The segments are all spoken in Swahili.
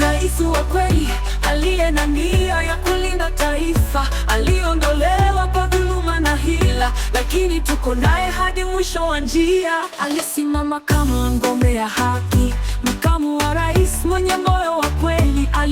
Rais wa kweli aliye na nia ya kulinda taifa aliondolewa kwa dhuluma na hila, lakini tuko naye hadi mwisho wa njia. Alisimama kama ngome ya haki, makamu wa rais mwenye moyo wa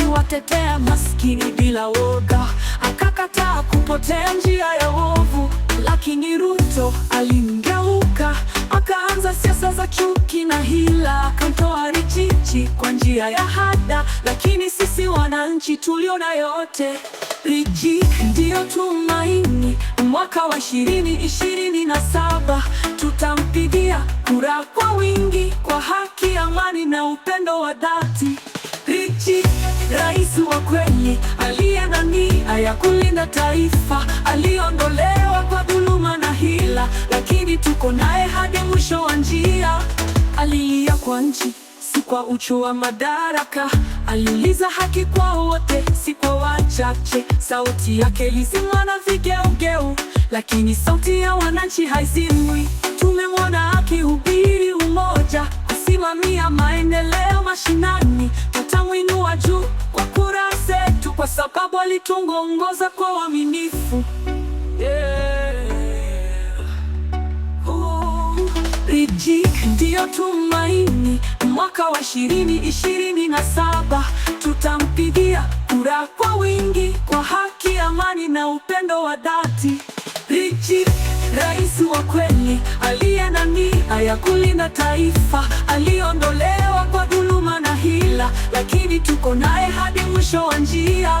aliwatetea maskini bila woga, akakataa kupotea njia ya wovu. Lakini Ruto alimgeuka, akaanza siasa za chuki na hila, akamtoa Richichi kwa njia ya hada. Lakini sisi wananchi tuliona yote. Richi ndiyo tumaini. Mwaka wa ishirini ishirini na saba tutampigia kura kwa wingi, kwa haki, amani na upendo wa dhati. kulinda taifa, aliondolewa kwa dhuluma na hila, lakini tuko naye hadi mwisho wa njia. Alilia kwa nchi, si kwa uchu wa madaraka, aliuliza haki kwa wote, si kwa wachache. Sauti yake ilizimwa na vigeugeu, lakini sauti ya wananchi haizimwi. Tumemwona akihubiri umoja, kusimamia maendeleo mashinani walituongoza kwa uaminifu yeah. Oh, Rijik ndiyo tumaini. Mwaka wa ishirini ishirini na saba tutampigia kura kwa wingi, kwa haki, amani na upendo wa dhati. Rijik, rais wa kweli aliye na nia ya kulinda taifa, aliondolewa kwa dhuluma na hila, lakini tuko naye hadi mwisho wa njia.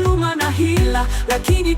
hila, lakini